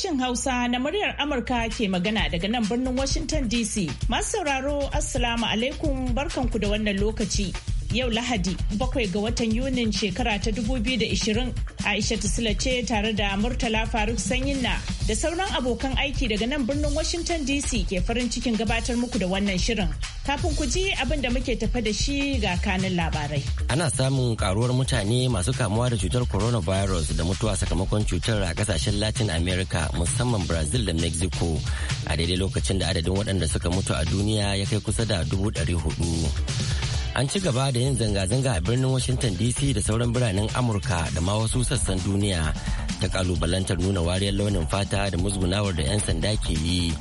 Sashen Hausa na muryar Amurka ke magana daga nan birnin Washington DC. Masu sauraro Assalamu alaikum barkanku da wannan lokaci. Yau Lahadi bakwai ga watan Yunin shekara ta 2020 Aisha Tisila ce tare da Murtala Faruk Sanyinna da sauran abokan aiki daga nan birnin Washington DC ke farin cikin gabatar muku da wannan shirin. Kafin ku ji abin da muke tafe da shi ga kanin labarai. Ana samun karuwar mutane masu kamuwa da cutar coronavirus da mutuwa sakamakon cutar a kasashen Latin America musamman Brazil da Mexico a daidai lokacin da adadin waɗanda suka mutu a duniya ya kai kusa da dubu ɗari hudu. An ci gaba da yin zanga-zanga a birnin Washington DC da sauran biranen Amurka da ma wasu sassan duniya ta kalubalantar nuna wariyar launin fata da musgunawar da 'yan sanda ke yi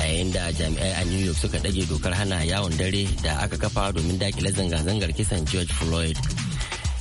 a yayin da jami'ai a new york suka ɗage dokar hana yawon dare da aka kafa domin dakile zanga-zangar kisan george floyd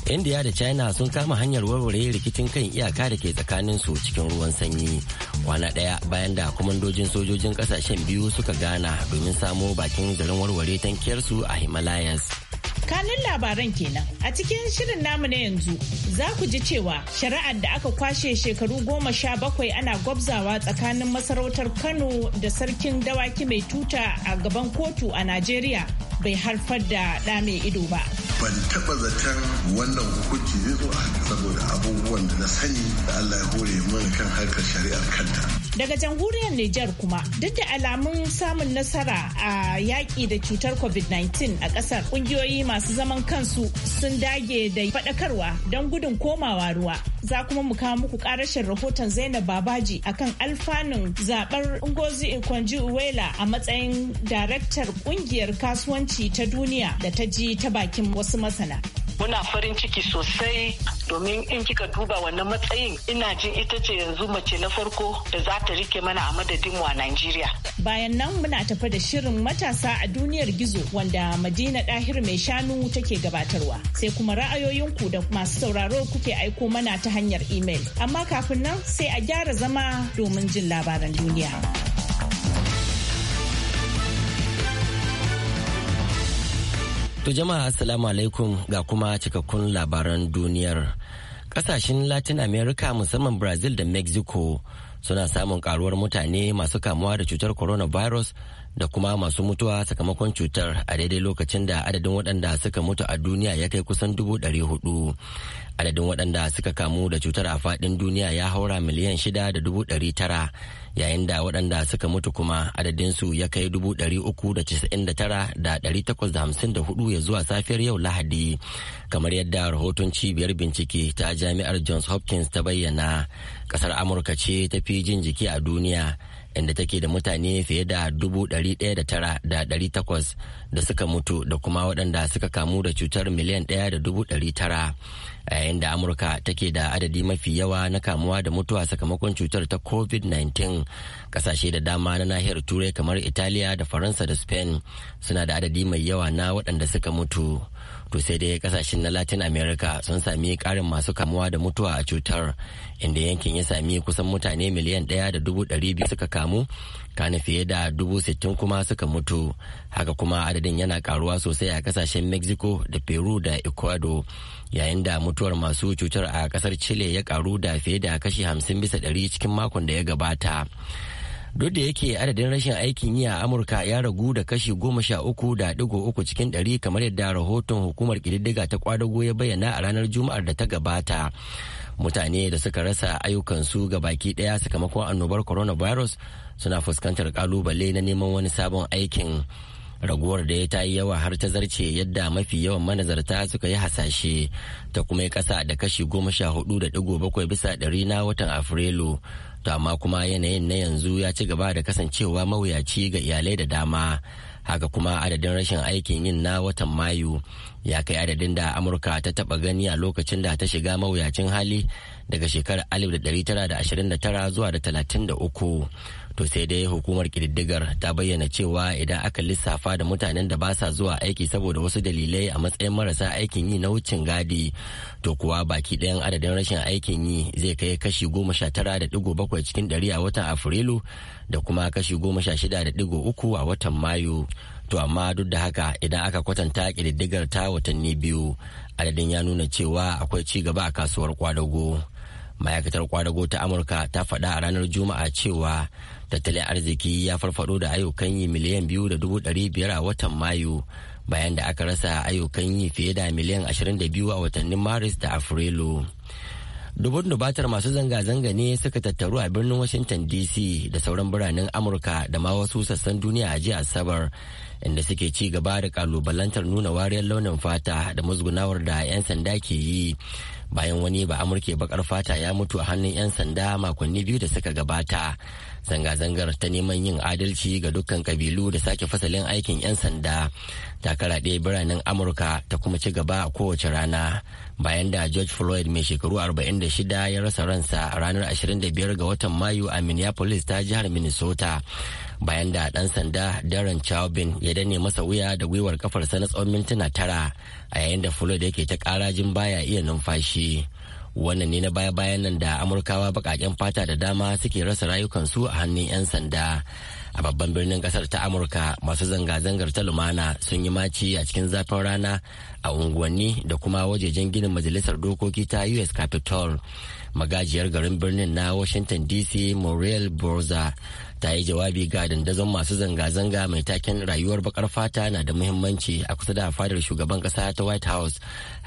india da china sun kama hanyar warware rikicin kan iyaka da ke tsakanin su cikin ruwan sanyi kwana ɗaya bayan da kwamandojin sojojin ƙasashen biyu suka gana domin samo bakin garin warware tankiyarsu a himalayas Kanin labaran kenan. A cikin shirin namu na yanzu za ku ji cewa shari'ar da aka kwashe shekaru goma sha bakwai ana gwabzawa tsakanin masarautar Kano da sarkin dawaki mai tuta a gaban kotu a Najeriya bai harfar da ɗa mai ido ba. ban taba zaton wannan hukunci zai zo a saboda abubuwan da na sani da Allah ya hore min kan harkar shari'ar kanta. Daga jamhuriyar Nijar kuma duk da alamun samun nasara a yaƙi da cutar COVID-19 a ƙasar ƙungiyoyi masu zaman kansu sun dage da faɗakarwa don gudun komawa ruwa. za kuma mu kawo muku karashin rahoton Zainab Babaji akan alfanun zaɓar Ngozi Ikonji Uwela a matsayin daraktar ƙungiyar kasuwanci ta duniya da ta ji ta bakin wasu masana. muna farin ciki sosai domin in kika duba wannan matsayin ina jin ita ce yanzu mace na farko da za ta rike mana a madadin wa Najeriya. Bayan nan muna tafa da shirin matasa a duniyar gizo wanda Madina Dahir mai shanu take gabatarwa. Sai kuma ra'ayoyinku da masu sauraro kuke aiko mana ta hanyar imel. Amma kafin nan sai a gyara zama domin jin labaran duniya. To jama'a assalamu alaikum ga kuma cikakkun labaran duniyar. Kasashen Latin America musamman Brazil da Mexico suna samun karuwar mutane masu kamuwa da cutar coronavirus da kuma masu mutuwa sakamakon cutar a daidai lokacin da adadin waɗanda suka mutu a duniya ya kai kusan dubu ɗari hudu adadin waɗanda suka kamu da cutar a faɗin duniya ya haura miliyan shida da dubu ɗari tara yayin da waɗanda suka mutu kuma adadinsu ya kai dubu ɗari uku da casa'in da tara da ɗari takwas da hamsin da hudu ya zuwa safiyar yau lahadi kamar yadda rahoton cibiyar bincike ta jami'ar johns hopkins ta bayyana ƙasar amurka ce ta fi jin jiki a duniya inda take da mutane fiye da dubu ɗari ɗaya da tara da ɗari takwas da suka mutu da kuma waɗanda suka kamu da cutar miliyan ɗaya da dubu ɗari tara a yayin da amurka take da adadi mafi yawa na kamuwa da mutuwa sakamakon cutar ta covid-19 ƙasashe da dama na nahiyar turai kamar italiya da faransa da spain suna da adadi mai yawa na waɗanda suka mutu. to sai dai kasashen na latin america sun sami karin masu kamuwa da mutuwa a cutar inda yankin ya sami kusan mutane miliyan ɗaya da dubu ɗari biyu suka kamu kana fiye da dubu sittin kuma suka mutu haka kuma adadin yana karuwa sosai a kasashen mexico da peru da ecuador yayin da mutuwar masu cutar a kasar chile ya karu da fiye da kashi hamsin bisa ɗari cikin makon da ya gabata duk da yake adadin rashin aikin yi a amurka ya ragu da kashi goma sha uku da digo uku cikin ɗari kamar yadda rahoton hukumar ƙididdiga ta kwadago ya bayyana a ranar juma'ar da ta gabata mutane da suka rasa ayyukansu ga baki ɗaya sakamakon annobar coronavirus suna fuskantar kalubale na neman wani sabon aikin raguwar da ya ta yi yawa har ta zarce yadda mafi yawan manazarta suka yi hasashe ta kuma yi kasa da kashi goma sha hudu da digo bakwai bisa ɗari na watan afrilu to amma kuma yanayin na yanzu ya ci gaba da kasancewa mawuyaci ga iyalai da dama haka kuma adadin rashin aikin yin na watan mayu ya kai adadin da amurka ta taba gani a lokacin da ta shiga mawuyacin hali daga shekarar 1929 zuwa da 33 to sai dai hukumar kididdigar ta bayyana cewa idan aka lissafa da mutanen da ba sa zuwa aiki saboda wasu dalilai a matsayin marasa aikin yi na wucin gadi to kuwa baki ɗayan adadin rashin aikin yi zai kai kashi goma sha tara da digo bakwai cikin ɗari a watan afrilu da kuma kashi goma sha shida da digo uku a watan mayu to amma duk da haka idan aka kwatanta kididdigar ta watanni biyu adadin ya nuna cewa akwai ci gaba a kasuwar kwadago ma'aikatar kwadago ta amurka ta faɗa a ranar juma'a cewa tattalin arziki ya farfado da ayyukan yi miliyan biyu da dubu ɗari biyar a watan mayu bayan da aka rasa ayyukan yi fiye da miliyan ashirin da biyu a watannin maris da afrilu dubun dubatar masu zanga-zanga ne suka tattaru a birnin washington dc da sauran biranen amurka da ma wasu sassan duniya a jiya asabar inda suke ci gaba da kalubalantar nuna wariyar launin fata da musgunawar da 'yan sanda ke yi bayan wani ba amurke bakar fata ya mutu a hannun 'yan sanda makonni biyu da suka gabata zanga-zangar ta neman yin adalci ga dukkan kabilu da sake fasalin aikin 'yan sanda takara ɗaya biranen amurka ta kuma ci gaba a kowace rana bayan da george floyd mai shekaru 46 ya rasa ransa a ranar 25 ga watan mayu a minneapolis ta jihar minnesota bayan da ɗan sanda Darren Chauvin ya dane masa wuya da gwiwar kafarsa na tsawon mintuna tara a yayin da Floyd yake ta karajin baya iya numfashi. Wannan ne na baya-bayan nan da Amurkawa baƙaƙen fata da dama suke rasa rayukansu a hannun 'yan sanda. A babban birnin ƙasar ta Amurka masu zanga-zangar ta lumana sun yi maci a cikin zafin rana a unguwanni da kuma wajejen ginin majalisar dokoki ta U.S. Capitol. Magajiyar garin birnin na Washington DC Muriel Borza ta yi jawabi ga dandazon masu zanga-zanga mai taken rayuwar bakar fata na da muhimmanci a kusa da fadar shugaban kasa ta white house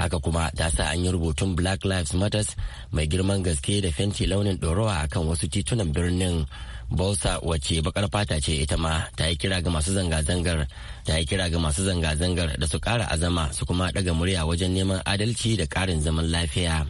haka kuma ta sa an yi rubutun black lives matters mai girman gaske da fenti launin ɗorawa akan wasu titunan birnin Bolsa wacce bakar fata ce ita ma ta yi kira ga masu zanga-zangar ta yi kira ga masu zanga-zangar da su kara azama su kuma daga murya wajen neman adalci da karin zaman lafiya.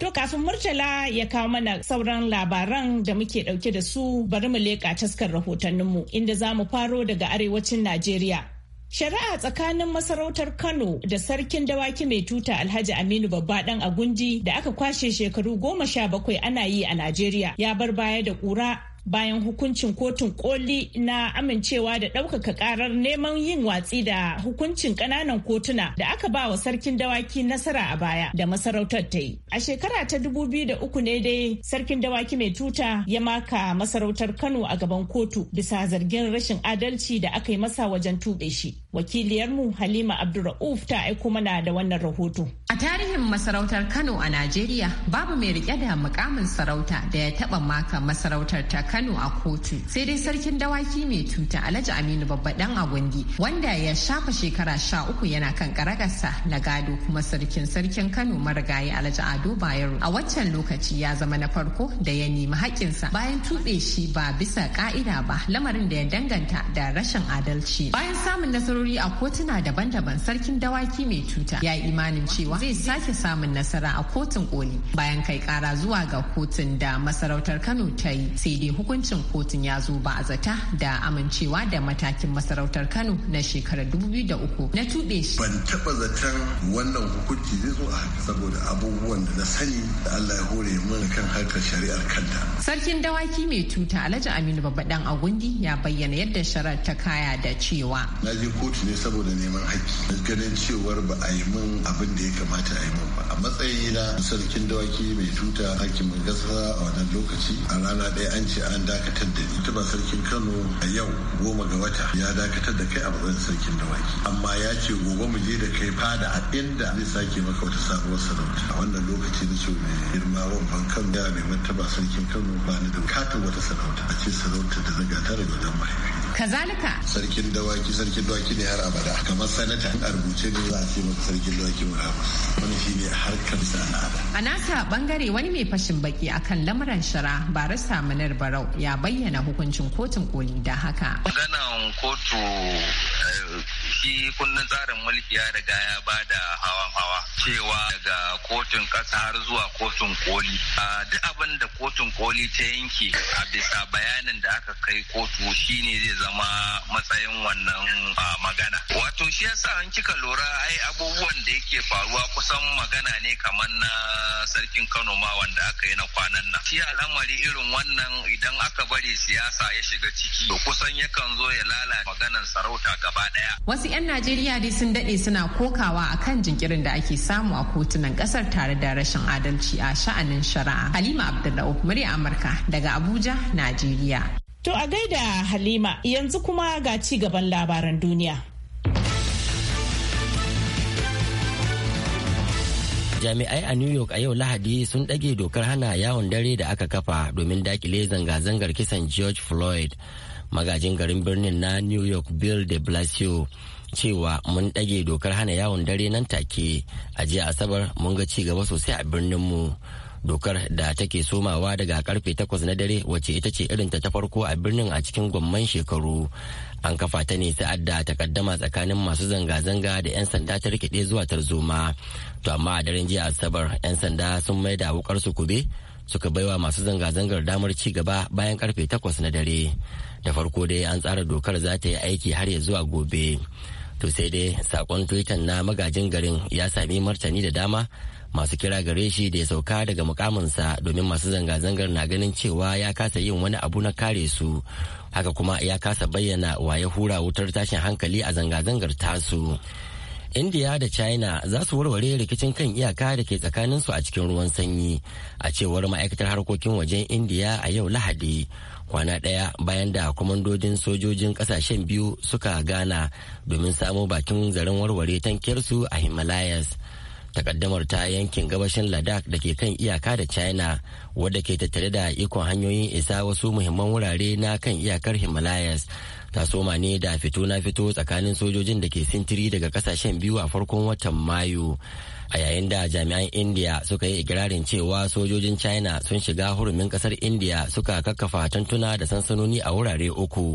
To kafin Murtala ya kawo mana sauran labaran da muke dauke da su bari mu leƙa taskar rahotanninmu inda za mu faro daga arewacin Najeriya. Shari'a tsakanin masarautar Kano da sarkin dawaki mai tuta Alhaji Aminu Babba dan Agundi da aka kwashe shekaru goma sha bakwai ana yi a Najeriya ya bar baya da ƙura bayan hukuncin kotun koli na amincewa da ɗaukaka karar neman yin watsi da hukuncin ƙananan kotuna da aka ba wa sarkin dawaki nasara a baya da masarautar ta yi. A shekara ta dubu biyu da uku ne dai sarkin dawaki mai tuta ya maka masarautar Kano a gaban kotu bisa zargin rashin adalci da aka yi masa wajen tuɓe shi. wakiliyarmu halima abdulra'uf ta aiko mana da wannan rahoto a tarihin masarautar kano a najeriya babu mai rike da mukamin sarauta da ya taba maka masarautar ta kano a kotu sai dai sarkin dawaki mai tuta alhaji aminu babbaɗan agungi wanda ya shafa shekara sha uku yana kan karagarsa na gado kuma sarkin sarkin kano marigayi alhaji ado bayero a waccan lokaci ya zama na farko da ya nemi haƙƙinsa bayan tuɓe shi ba bisa ka'ida ba lamarin da ya danganta da rashin adalci bayan samun nasarar nasarori a kotuna daban-daban sarkin dawaki mai tuta ya imanin cewa zai sake samun nasara a kotun koli bayan kai kara zuwa ga kotun da masarautar kano ta yi sai dai hukuncin kotun ya zo ba a zata da amincewa da matakin masarautar kano na shekarar 2003 na tuɓe shi ban taɓa zaton wannan hukunci zai zo a haka saboda abubuwan da na sani da allah ya hore min kan harkar shari'ar kanta sarkin dawaki mai tuta alhaji aminu babba dan agundi ya bayyana yadda shara ta kaya da cewa na je kotu kotu ne saboda neman haƙƙi ganin cewar ba a yi mun abin da ya kamata a yi mun ba a matsayi na sarkin dawaki mai tuta hakimin gasa a wannan lokaci a rana ɗaya an ce an dakatar da ni ba sarkin kano a yau goma ga wata ya dakatar da kai a matsayin sarkin dawaki amma ya ce gobe mu je da kai fada a inda zai sake maka wata sabuwar sarauta a wannan lokaci na ce mai girma ban kano ya mai martaba sarkin kano ba ni da katin wata sarauta a ce sarauta da zaga ta daga wajen mahaifi kazalika sarkin dawaki sarkin dawaki ne har abada kamar sanata a rubuce ne za a ce maka sarkin dawaki murabba wani shi ne harkar sana'ada a nasa bangare wani mai fashin baki akan lamuran shara barista manar barau ya bayyana hukuncin kotun koli da haka maganan kotu eh, shi kundin tsarin mulki ya riga ya bada hawan hawa cewa daga kotun kasa har zuwa kotun koli duk abin da kotun koli ta yanke a bisa bayanin da aka kai kotu shine zai zama matsayin wannan magana wato shi yasa an kika lura ai abubuwan da yake faruwa kusan magana ne kamar na sarkin Kano ma wanda aka yi na kwanan nan shi al'amari irin wannan idan aka bari siyasa ya shiga ciki to kusan yakan zo ya lalata maganan sarauta gaba ɗaya. wasu 'yan Najeriya dai sun dade suna kokawa akan jinkirin da ake samu a kotunan kasar tare da rashin adalci a sha'anin shari'a Halima Abdullahi murya Amurka daga Abuja Najeriya To a gaida Halima yanzu kuma ga ci gaban labaran duniya. Jami'ai a New York a yau Lahadi sun ɗage dokar hana yawon dare da aka kafa domin dakile zanga-zangar kisan George Floyd. Magajin garin birnin na New York Bill de Blasio cewa mun ɗage dokar hana yawon dare nan take a jiya Asabar mun ga ci gaba sosai a birninmu. mu. dokar da take somawa daga karfe takwas na dare wacce ita ce irin ta farko a birnin a cikin gwamman shekaru an kafa ta ne sa'ad da takaddama tsakanin masu zanga-zanga da 'yan sanda ta rikide zuwa tarzoma to amma a daren jiya asabar 'yan sanda sun mai da wukar su kube suka baiwa masu zanga-zangar damar ci gaba bayan karfe takwas na dare da farko dai an tsara dokar za ta yi aiki har ya zuwa gobe to sai dai sakon twitter na magajin garin ya sami martani da dama masu kira gare shi da ya sauka daga mukaminsa domin masu zanga-zangar na ganin cewa ya kasa yin wani abu na kare su haka kuma ya kasa bayyana wa ya hura wutar tashin hankali a zanga-zangar tasu india da china za su warware rikicin kan iyaka da ke tsakanin su a cikin ruwan sanyi a cewar ma'aikatar harkokin wajen india a yau lahadi kwana daya bayan da kwamandodin sojojin kasashen biyu suka gana domin samo bakin zaren warware tankiyarsu a himalayas takaddamar ta yankin gabashin ladakh da ke kan iyaka da china wadda ke tattare da ikon hanyoyin isa wasu muhimman wurare na kan iyakar himalayas ta soma ne da fito na fito tsakanin sojojin da ke sintiri daga kasashen biyu a farkon watan mayu a yayin da jami'an india suka yi ikirarin cewa sojojin china sun shiga hurumin kasar india suka kakkafa tantuna da sansanoni a wurare uku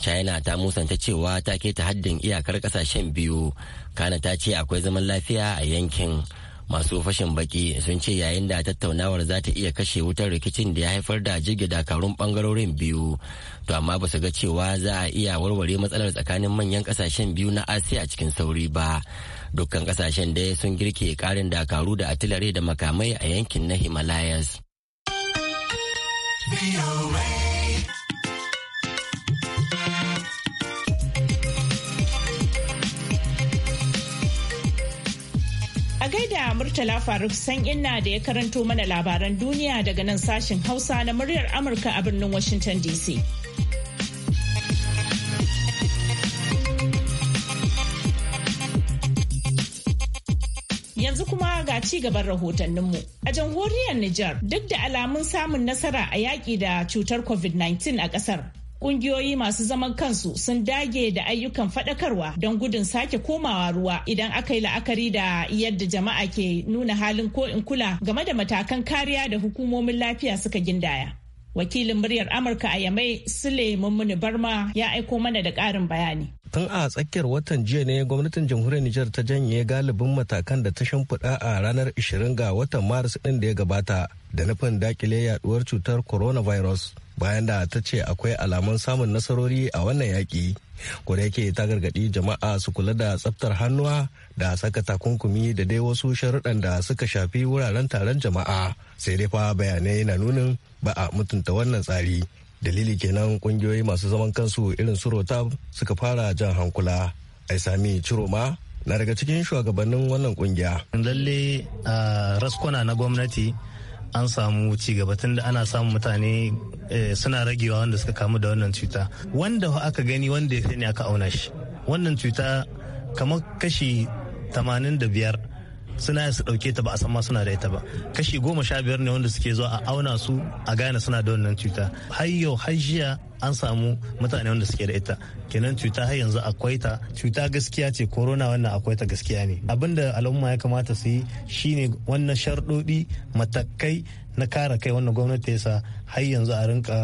china ta musanta cewa ta keta haddin iyakar kasashen biyu kana ta ce akwai zaman lafiya a yankin masu fashin baki sun ce yayin da tattaunawar za ta iya kashe wutar rikicin da ya haifar da jirge dakarun bangarorin biyu to amma ba su ga cewa za a iya warware matsalar tsakanin manyan kasashen biyu na asiya cikin sauri ba dukkan kasashen dai sun girke karin dakaru da atilare da makamai a yankin na himalayas gaida Murtala Faruk san inna da ya karanto mana labaran duniya daga nan sashen Hausa na muryar Amurka a birnin Washington DC. yanzu kuma ga ci gaban rahotanninmu. A jamhuriyar Nijar, duk da alamun samun nasara a yaƙi da cutar COVID-19 a ƙasar, Ƙungiyoyi masu zaman kansu sun dage da ayyukan fadakarwa don gudun sake komawa ruwa idan aka yi la'akari da yadda jama'a ke nuna halin ko in kula game da matakan kariya da hukumomin lafiya suka gindaya. Wakilin muryar Amurka a Yamai Sule Mummuni Barma ya aiko mana da karin bayani. Tun a tsakiyar watan jiya ne gwamnatin jamhuriyar Nijar ta janye galibin matakan da ta shimfiɗa a ranar 20 ga watan Maris ɗin da ya gabata da nufin dakile yaduwar cutar coronavirus. bayan da ta ce akwai alamun samun nasarori a wannan yaƙi ko yake ta gargaɗi jama'a su kula da tsaftar hannuwa da saka takunkumi da dai wasu sharuɗan da suka shafi wuraren taron jama'a sai dai fa bayanai na nunin ba a mutunta wannan tsari dalili kenan ƙungiyoyi masu zaman kansu irin su rotab suka fara jan hankula ai sami ciroma na daga cikin shugabannin wannan kungiya lalle ah, raskuna na gwamnati an samu ci gaba da ana samun mutane eh, suna ragewa wanda suka kamu da wannan cuta wanda aka gani wanda ya ne aka auna shi wannan cuta kamar kashi 85 suna su ɗauke ta ba a san ma suna da ita ba kashi goma sha biyar ne wanda suke zuwa a auna su a gane suna da wannan cuta har yau har jiya an samu mutane wanda suke da ita kenan cuta har yanzu akwai ta cuta gaskiya ce corona wannan akwai ta gaskiya ne abinda al'umma ya kamata su yi shine wannan sharɗoɗi matakai na kare kai wannan gwamnati ya sa har yanzu a rinka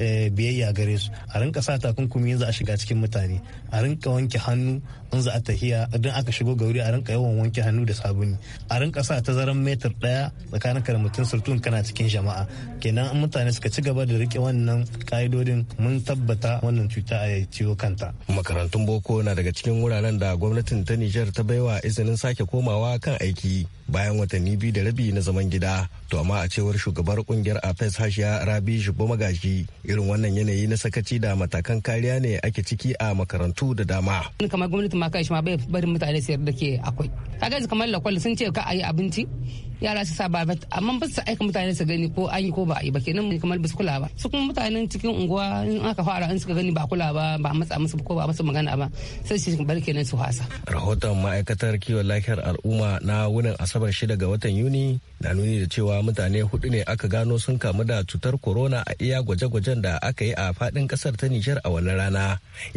Eh, biyayya gare su a rinka sa takunkumi yanzu a shiga cikin mutane a rinka wanke hannu in za a tahiya idan aka shigo ga gauri a rinka yawan wanke hannu da sabuni a rinka sa tazaran metar daya tsakanin da mutum surtun kana cikin jama'a kenan mutane suka ci gaba da rike wannan ka'idodin mun tabbata wannan cuta a ciwo kanta makarantun boko na daga cikin wuraren da gwamnatin ta nijar ta baiwa izinin sake komawa kan aiki bayan watanni biyu da rabi na zaman gida to amma a cewar shugabar kungiyar apes hashiya rabi shubu magashi irin wannan yanayi na sakaci da matakan kariya ne ake ciki a makarantu da dama kamar gwamnati ma kai shi ma bai barin mutane sayar da ke akwai kaga kamar lakwal sun ce ka a yi abinci yara su sa babet amma ba su aika mutane su gani ko an yi ko ba a yi ba kenan kamar ba su kula ba su kuma mutanen cikin unguwa in aka fara in suka gani ba kula ba ba matsa musu ko ba musu magana ba sai su bar kenan su hasa rahoton ma'aikatar kiwon lafiyar al'umma na wunin asabar shida ga watan yuni na nuni da cewa mutane hudu ne aka gano sun kamu da cutar corona a iya gwaje-gwajen da aka yi a fadin kasar ta nijar a wannan rana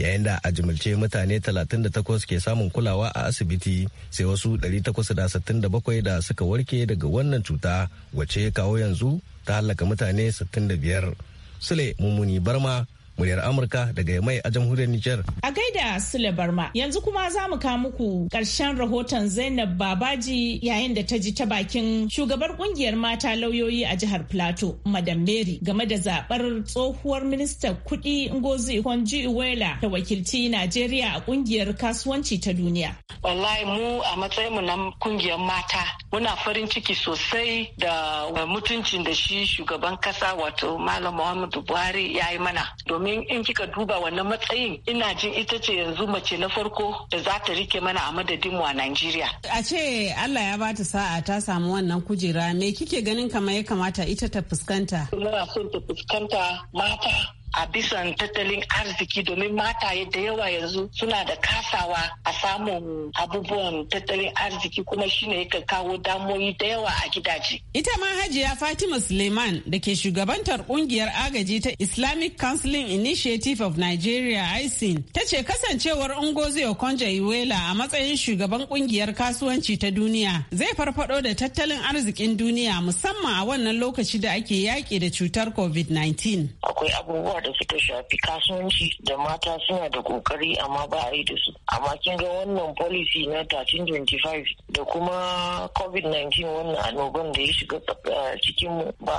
yayin da a jimilce mutane 38 ke samun kulawa a asibiti sai wasu 867 da suka warke da daga wannan cuta wace kawo yanzu ta halaka mutane 65 sule mummuni barma muryar Amurka daga mai a jamhuriyar Nijar. A gaida Sule Barma yanzu kuma za mu kawo muku ƙarshen rahoton Zainab Babaji yayin da ta ji ta bakin shugabar kungiyar mata lauyoyi a jihar Plateau Madam Mary game da zaɓar tsohuwar minista kuɗi Ngozi Konji Iwela ta wakilci Najeriya a kungiyar kasuwanci ta duniya. Wallahi mu a matsayin mu na kungiyar mata muna farin ciki sosai da mutuncin da shi shugaban kasa wato Malam Muhammadu Buhari ya yi mana domin domin in kika duba wannan matsayin ina jin ita ce yanzu mace na farko da za ta rike mana a madadin mu a Najeriya. A ce Allah ya ba ta sa'a ta samu wannan kujera me kike ganin kamar ya kamata ita ta fuskanta? Muna son ta fuskanta mata a bisan tattalin arziki domin mataye da yawa yanzu suna da kasawa a samun abubuwan tattalin arziki kuma shine yakan kawo damoyi da yawa a gidaje. Ita ma Hajiya Fatima Suleiman da ke shugabantar kungiyar agaji ta Islamic Counseling Initiative of Nigeria ISIN ta ce kasancewar Ngozi okonjo Iwela a matsayin shugaban kungiyar kasuwanci ta duniya zai farfado da tattalin arzikin duniya musamman a wannan lokaci da ake yaki da cutar COVID-19. Akwai abubuwa da suka shafi kasuwanci da mata suna da kokari amma ba a yi da su amma kin ga wannan policy na 1325 da kuma covid-19 wannan annoban da ya shiga eh, cikin ba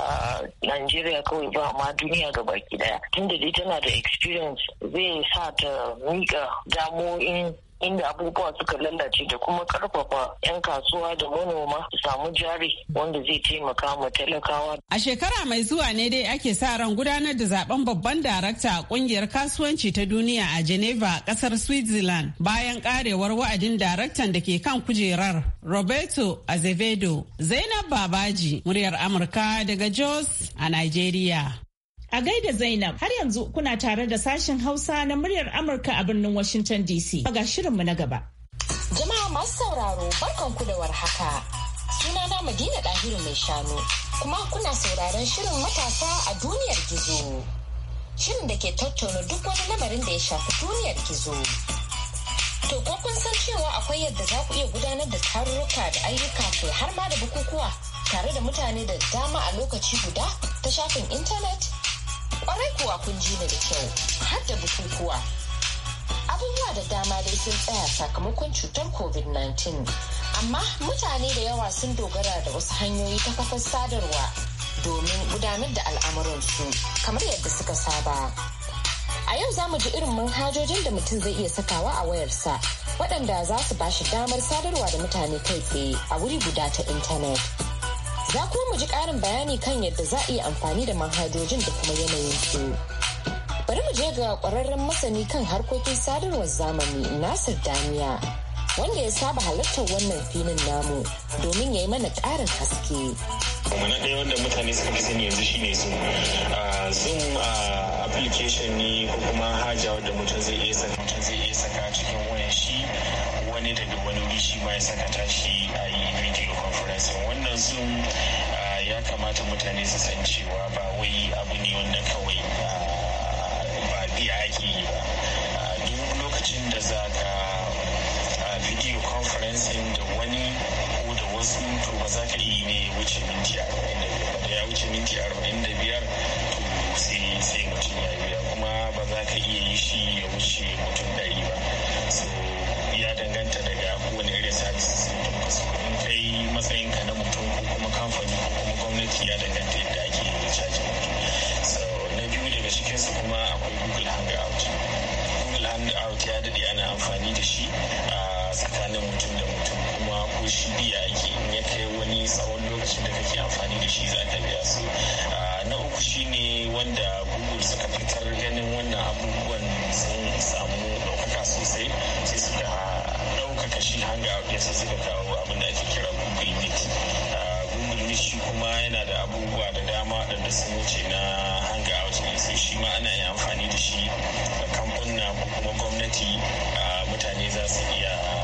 Najeriya kawai ba amma duniya ga baki daya tunda dai tana da experience zai sa ta mika damo'in inda abubuwa suka lalace da kuma karfafa 'yan kasuwa da manoma su samu jari wanda zai taimaka ma talakawa. A shekara mai zuwa ne dai ake sa ran gudanar da zaben babban darakta a kungiyar kasuwanci ta duniya a Geneva kasar Switzerland bayan karewar wa'adin daraktan da ke kan kujerar Roberto Azevedo. Zainab Babaji, muryar Amurka daga Jos a Nigeria. A gaida Zainab har yanzu kuna tare da sashen Hausa na muryar Amurka a birnin Washington DC. Ga shirinmu na gaba. Jama'a masu sauraro barkanku da warhaka. suna na Madina Ɗahiru mai shanu kuma kuna sauraron shirin matasa a duniyar gizo. Shirin da ke tattauna duk wani lamarin da ya shafi duniyar gizo. To ko kun san cewa akwai yadda za ku iya gudanar da tarurruka da ayyuka kai har ma da bukukuwa tare da mutane da dama a lokaci guda ta shafin intanet? Kwarai kuwa kun ji ni da kyau, har da bukukuwa. Abubuwa da dama dai sun tsaya sakamakon cutar COVID-19. Amma mutane da yawa sun dogara da wasu hanyoyi ta kafin sadarwa domin gudanar da al'amuransu kamar yadda suka saba. A yau za mu ji irin manhajojin da mutum zai iya sakawa a wayarsa waɗanda za su ba shi damar sadarwa da mutane kai tsaye a wuri guda ta intanet. Za kuma mu ji ƙarin bayani kan yadda za a iya amfani da manhajojin da kuma yanayin su. Bari mu je ga ƙwararren masani kan harkokin sadarwar zamani Nasir Damiya. wanda ya saba halartar wannan filin namu domin ya yi mana ƙarin haske. na ɗaya wanda mutane suka fi sani yanzu shine zoom ah, zoom ah, application ne ko kuma haja wanda mutum zai iya saka mutum zai iya saka cikin wayan shi wani daga wani wuri shi ma ya saka ta shi a yi video conference wannan zoom ah, ya kamata mutane su san cewa ba wai abu ne wanda kawai ba biya ake yi ba duk lokacin da za conferencing da wani ko da wasu to ba za ka yi ne ya wuce minti arba'in da biyar da ya wuce minti arba'in da biyar to sai sai mutum ya biya kuma ba za ka iya yi shi ya wuce mutum da yi ba so ya danganta daga kowane irin services da muka so in kai matsayinka na mutum ko kuma kamfani ko kuma gwamnati ya danganta yadda ake yi cajin so na biyu daga cikinsu kuma akwai google hangout google hangout ya daɗe ana amfani da shi a ah, tsakanin mutum da mutum kuma ko shi biya ake in ya kai wani tsawon lokacin da kake amfani da shi za ka biya su ah, na uku shine wanda google suka fitar ganin wannan abubuwan sun samu ɗaukaka sosai sai suka ɗaukaka shi hanga yasa suka kawo abin da ake kira google meet ah, google meet shi kuma yana da abubuwa da dama da sun wuce na hanga out sai shi ma ana yin amfani da shi kamfuna ko kuma gwamnati ah, mutane za su iya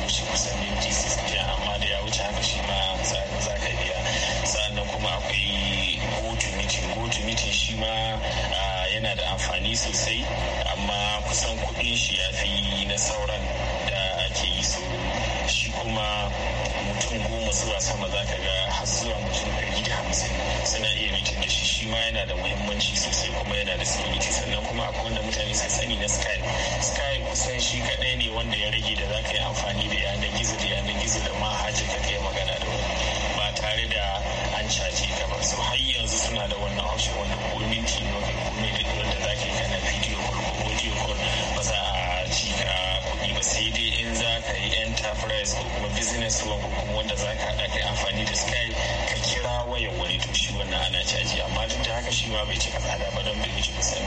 ya wuce kusan minti amma da ya wuce haka shi ma za ka iya sannan kuma akwai goto meeting goto meeting shi ma yana da amfani sosai amma kusan kuɗin shi ya fi na sauran da ake yi so shi kuma tsohon wasu wasan ba za ka ga har zuwa mutum ɗari da hamsin suna iya mitin da shi shi ma yana da muhimmanci sosai kuma yana da sikiriti sannan kuma akwai wanda mutane suka sani na sky sky kusan shi kaɗai ne wanda ya rage da za ka yi amfani da yanar gizo da yanar gizo da ma hajji ka kai magana da wani ba tare da an caji enterprise ko kuma business loan ko kuma wanda za ka haɗa kai amfani da sky ka kira wayan wani to shi wannan ana caji amma duk da haka shi ma bai cika tsada ba don bai wuce kusan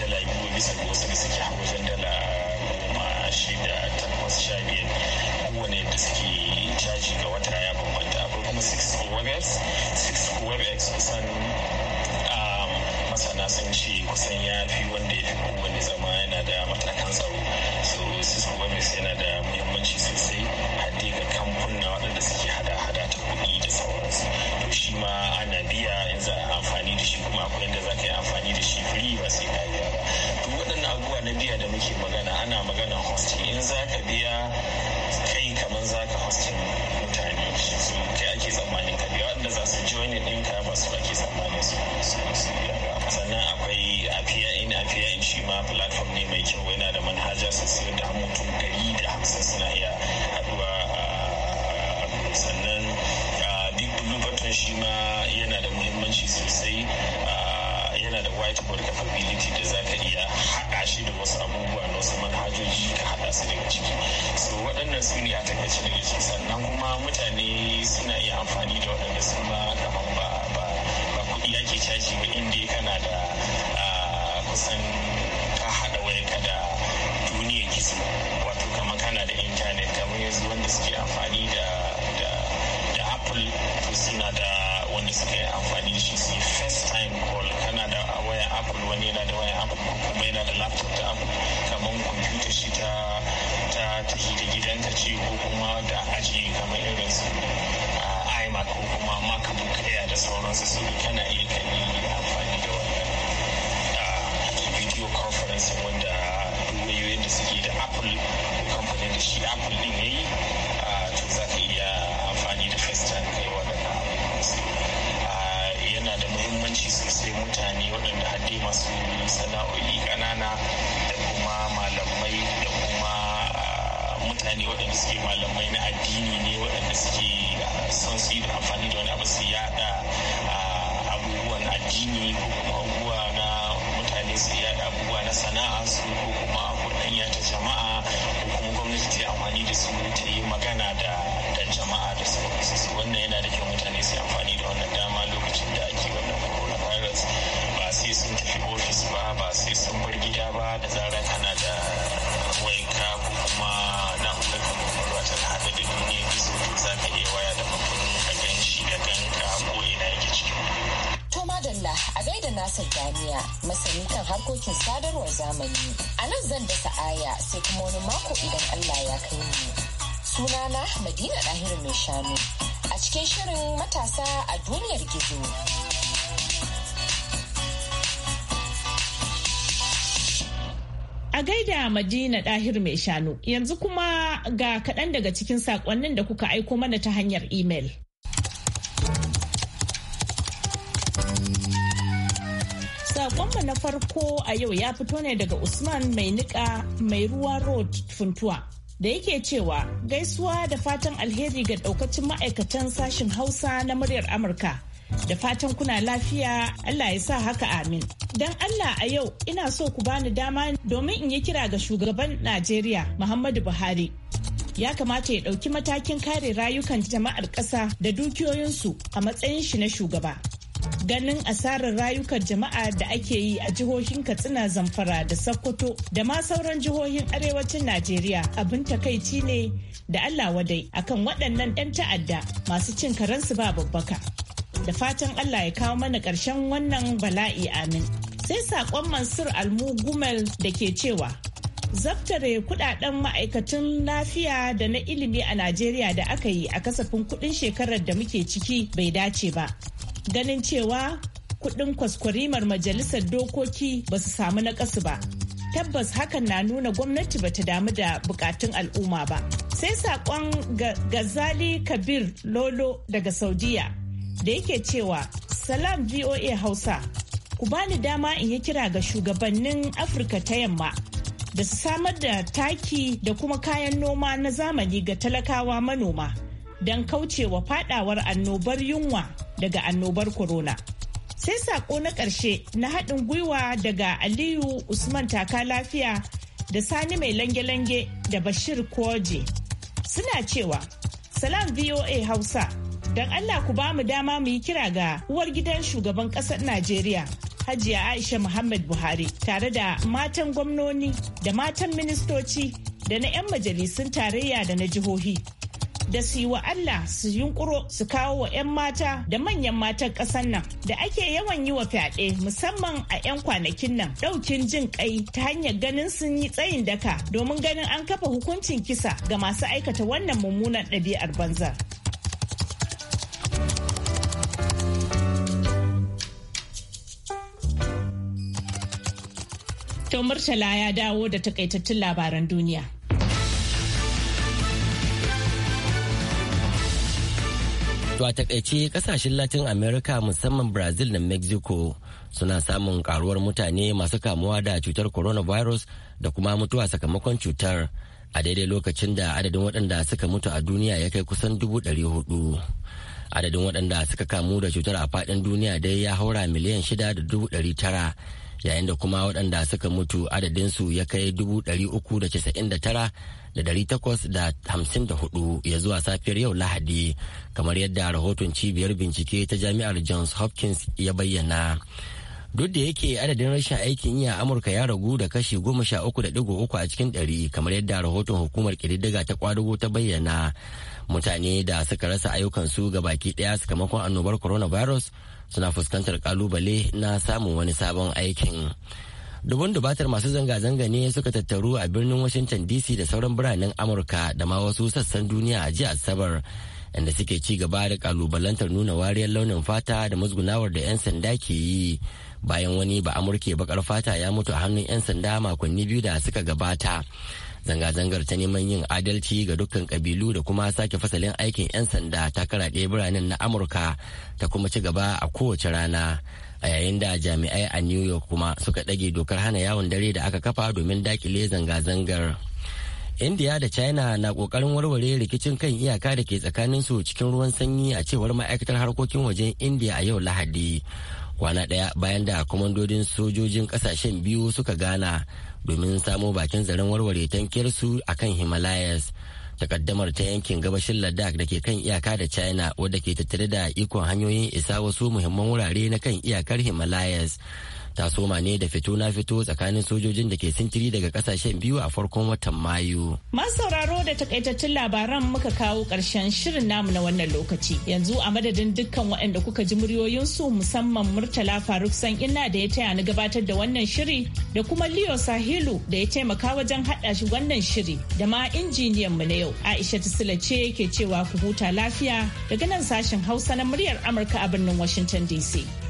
dala biyu bisa ga wasu da suke hau wajen dala goma shida takwas sha biyar kowane da suke caji ga wata ya bambanta akwai kuma 6 webex 6 webex kusan na san ce kusan ya fi wanda ya fi kowane zama yana da matakan tsaro so cisco wemis yana da muhimmanci sosai hadde ga kamfuna waɗanda suke hada-hada ta kuɗi da sauransu to shi ma ana biya in za a amfani da shi kuma akwai yadda za ka yi amfani da shi free ba sai ka biya ba to waɗannan abubuwa na biya da muke magana ana magana hosting in za ka biya kai kamar za ka hosting mutane kai ake tsammanin ka biya waɗanda za su join ɗinka ba su ake tsammanin su su biya ba akwai afiya in afiya in shi ma platform ne mai kyau yana da manhaja sosai da mutum ɗari da hamsin suna iya haɗuwa sannan big blue button shi ma yana da muhimmanci sosai yana da whiteboard capability da za ka iya haɗa shi da wasu abubuwa na wasu manhajoji ka haɗa su daga ciki so waɗannan su ne a takaice daga ciki sannan kuma mutane suna iya amfani da waɗanda su ma kamar indi kana da ah, kusan ka hada wayanka da duniyar gizo wato kamar kana da intanet kamar yanzu wanda suke amfani da apple to suna da wanda suka yi amfani da shi su first time call kana da wayan apple wani yana da wayan apple kuma yana da laptop ta apple kamar kwamfuta shi ta ta gidanka ce ko kuma da ajiye kamar irin sauransu su kana iya kan yi amfani da wannan ah, video conference wanda wayoyin da suke da apple kamfanin da shi apple din ya ah, to za ka iya amfani da facetime kai waɗannan ah, yana da muhimmanci sosai mutane waɗanda hadde masu sana'o'i ƙanana da kuma malamai da mata ne waɗanda suke malamai na addini ne waɗanda suke ah, son su yi da amfani da wani abu su yada ah, abubuwan addini ko kuma abubuwa na mutane su yada abubuwa na sana'a su ko kuma kudanya ta jama'a ko kuma gwamnati ta yi amfani da su ta yi magana da jama'a da su wannan yana da kyau Sardaniya masani kan harkokin sadarwar zamani. A nan zan dasa aya sai kuma wani mako idan Allah ya kai ni. Sunana Madina Dahiru mai shanu a cikin shirin matasa a duniyar gizo. A gaida Madina dahir mai shanu yanzu kuma ga kaɗan daga cikin saƙonnin da kuka aiko mana ta hanyar imel. farko a yau ya fito ne daga Usman mai nika mai ruwa road funtuwa. Da yake cewa gaisuwa da fatan alheri ga daukacin ma'aikatan sashen Hausa na muryar Amurka. Da fatan kuna lafiya Allah ya sa haka amin. Don Allah a yau ina so ku bani dama domin in yi kira ga shugaban Najeriya Muhammadu Buhari. ya kamata ya ɗauki matakin kare rayukan jama'ar ƙasa da dukiyoyinsu a matsayin shi na shugaba ganin asarar rayukan jama'a da ake yi a jihohin katsina zamfara da sokoto da ma sauran jihohin arewacin najeriya abin takaici ne da allah wadai akan waɗannan 'yan ta'adda masu cin karensu ba babbaka da fatan allah ya kawo mana ƙarshen wannan bala'i amin sai saƙon mansur almu gumel da ke cewa zaftare kudaden ma'aikatan lafiya da na ilimi a Najeriya da aka yi a kasafin kudin shekarar da muke ciki bai dace ba. ganin cewa kudin kwaskwarimar majalisar dokoki ba su samu nakasu ba tabbas hakan na nuna gwamnati ba ta damu da bukatun al'umma ba sai sakon gazali kabir lolo daga saudiya da yake cewa salam voa hausa ku bani dama in yi kira ga shugabannin afirka ta yamma da su samar da taki da kuma kayan noma na zamani ga talakawa manoma don kaucewa fadawar annobar yunwa daga annobar corona. Sai sako na ƙarshe na haɗin gwiwa daga Aliyu Usman Taka Lafiya da Sani Mai Lange-Lange da Bashir Koje. Suna cewa, Salam VOA Hausa, don Allah ku ba mu dama mu yi kira ga uwar gidan shugaban ƙasar Najeriya. Hajiya Aisha Muhammad Buhari tare da matan gwamnoni da matan ministoci da na 'yan majalisun tarayya da na jihohi da su yi wa Allah su yunkuro su kawo wa 'yan mata da manyan matan ƙasar nan da ake yawan yi wa fyaɗe musamman a 'yan kwanakin nan ɗaukin jin ƙai ta hanyar ganin sun yi tsayin daka domin ganin an kafa hukuncin kisa ga masu aikata wannan mummunan ɗabi'ar banza. To Murtala ya dawo da takaitattun labaran duniya. To a takaice kasashen Latin America musamman Brazil da Mexico suna samun karuwar mutane masu kamuwa da cutar coronavirus da kuma mutuwa sakamakon cutar a daidai lokacin da adadin waɗanda suka mutu a duniya ya kai kusan dubu ɗari hudu. Adadin waɗanda suka kamu da cutar a faɗin duniya dai ya haura miliyan shida da dubu ɗari tara yayin da kuma waɗanda suka mutu adadinsu ya kai 399,854 ya zuwa safiyar yau lahadi kamar yadda rahoton cibiyar bincike ta jami'ar johns hopkins ya bayyana duk da yake adadin rashin aikin yi a amurka ya ragu da kashi goma sha uku da digo uku a cikin ɗari kamar yadda rahoton hukumar kididdiga ta kwadugo ta bayyana mutane da suka rasa ayyukansu ga baki ɗaya sakamakon annobar coronavirus suna fuskantar kalubale na samun wani sabon aikin dubun dubatar masu zanga-zanga ne suka tattaru a birnin washington dc da sauran biranen amurka da ma wasu sassan duniya a jiya asabar inda suke ci gaba da kalubalantar nuna wariyar launin fata da musgunawar da 'yan sanda ke yi bayan wani ba amurke bakar fata ya mutu a hannun 'yan sanda makonni biyu da suka gabata zanga-zangar ta neman yin adalci ga dukkan kabilu da kuma sake fasalin aikin 'yan sanda ta ɗaya biranen na amurka ta kuma ci gaba a kowace rana a yayin da jami'ai a new york kuma suka ɗage dokar hana yawon dare da aka kafa domin dakile zanga-zangar india da china na kokarin warware rikicin kan iyaka da ke tsakanin su cikin ruwan sanyi a cewar ma'aikatar harkokin wajen india a yau lahadi kwana ɗaya bayan da kwamandodin sojojin ƙasashen biyu suka gana domin samo bakin zaren warware tankiyarsu a kan himalayas takaddamar ta yankin gabashin ladakh da ke kan iyaka da china wadda ke tattare da ikon hanyoyin isa wasu muhimman wurare na kan iyakar himalayas ta soma ne da fito na fito tsakanin sojojin da ke sintiri daga kasashen biyu a farkon watan mayu. Masu sauraro da takaitattun labaran muka kawo karshen shirin namu na wannan lokaci. Yanzu a madadin dukkan waɗanda kuka ji muryoyinsu musamman Murtala Faruk San Inna da ya taya ni gabatar da wannan shiri da kuma Leo Sahilu da ya taimaka wajen haɗa shi wannan shiri da ma injiniyan mu na yau Aisha Tisila ce ke cewa ku huta lafiya daga nan sashen Hausa na muryar Amurka a birnin Washington DC.